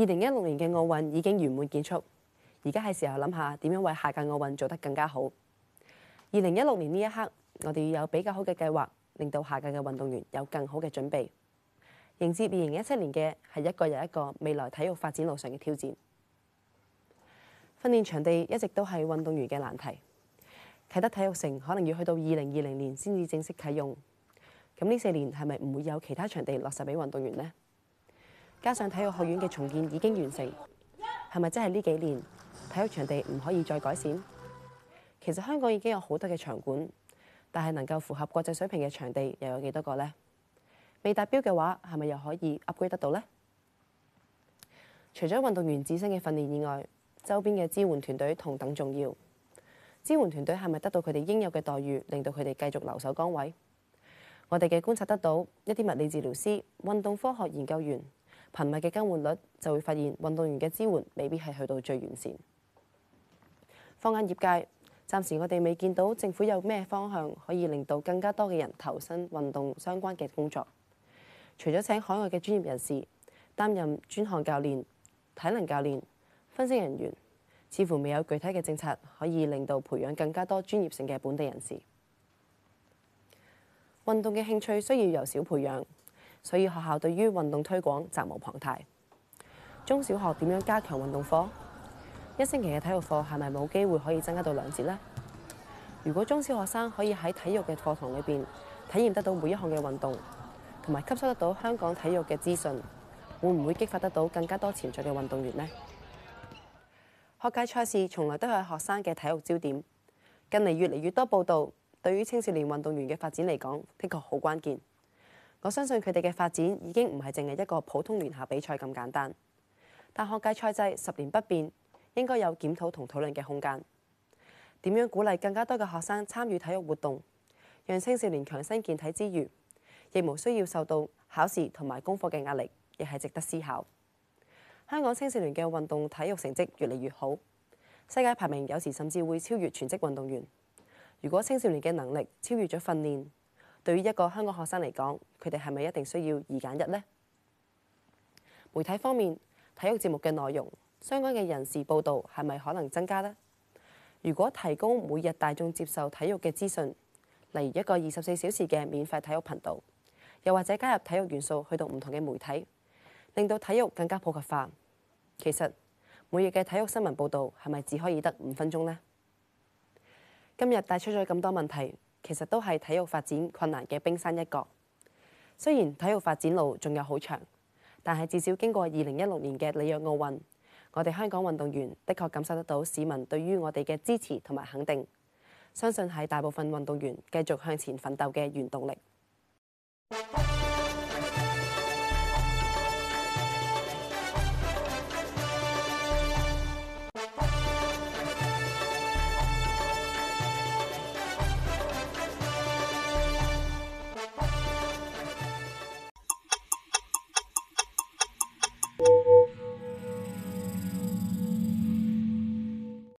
二零一六年嘅奧運已經圓滿結束，而家係時候諗下點樣為下屆奧運做得更加好。二零一六年呢一刻，我哋要有比較好嘅計劃，令到下屆嘅運動員有更好嘅準備。迎接二零一七年嘅係一個又一個未來體育發展路上嘅挑戰。訓練場地一直都係運動員嘅難題，啟德體育城可能要去到二零二零年先至正式啟用。咁呢四年係咪唔會有其他場地落實俾運動員呢？加上體育學院嘅重建已經完成，係咪真係呢幾年體育場地唔可以再改善？其實香港已經有好多嘅場館，但係能夠符合國際水平嘅場地又有幾多個呢？未達標嘅話，係咪又可以 upgrade 得到呢？除咗運動員自身嘅訓練以外，周邊嘅支援團隊同等重要。支援團隊係咪得到佢哋應有嘅待遇，令到佢哋繼續留守崗位？我哋嘅觀察得到一啲物理治療師、運動科學研究員，頻密嘅更換率，就會發現運動員嘅支援未必係去到最完善。放眼業界，暫時我哋未見到政府有咩方向可以令到更加多嘅人投身運動相關嘅工作。除咗請海外嘅專業人士擔任專項教練、體能教練、分析人員，似乎未有具體嘅政策可以令到培養更加多專業性嘅本地人士。運動嘅興趣需要由小培養。所以學校對於運動推廣責無旁貸。中小學點樣加強運動課？一星期嘅體育課係咪冇機會可以增加到兩節呢？如果中小學生可以喺體育嘅課堂裏邊體驗得到每一項嘅運動，同埋吸收得到香港體育嘅資訊，會唔會激發得到更加多潛在嘅運動員呢？學界賽事從來都係學生嘅體育焦點，近嚟，越嚟越多報道，對於青少年運動員嘅發展嚟講，的確好關鍵。我相信佢哋嘅發展已經唔係淨係一個普通聯校比賽咁簡單，但學界賽制十年不變，應該有檢討同討論嘅空間。點樣鼓勵更加多嘅學生參與體育活動，讓青少年強身健體之餘，亦無需要受到考試同埋功課嘅壓力，亦係值得思考。香港青少年嘅運動體育成績越嚟越好，世界排名有時甚至會超越全職運動員。如果青少年嘅能力超越咗訓練，對於一個香港學生嚟講，佢哋係咪一定需要二揀一呢？媒體方面，體育節目嘅內容，相關嘅人事報導係咪可能增加呢？如果提供每日大眾接受體育嘅資訊，例如一個二十四小時嘅免費體育頻道，又或者加入體育元素去到唔同嘅媒體，令到體育更加普及化，其實每日嘅體育新聞報導係咪只可以得五分鐘呢？今日帶出咗咁多問題。其實都係體育發展困難嘅冰山一角。雖然體育發展路仲有好長，但係至少經過二零一六年嘅里約奧運，我哋香港運動員的確感受得到市民對於我哋嘅支持同埋肯定，相信係大部分運動員繼續向前奮鬥嘅原動力。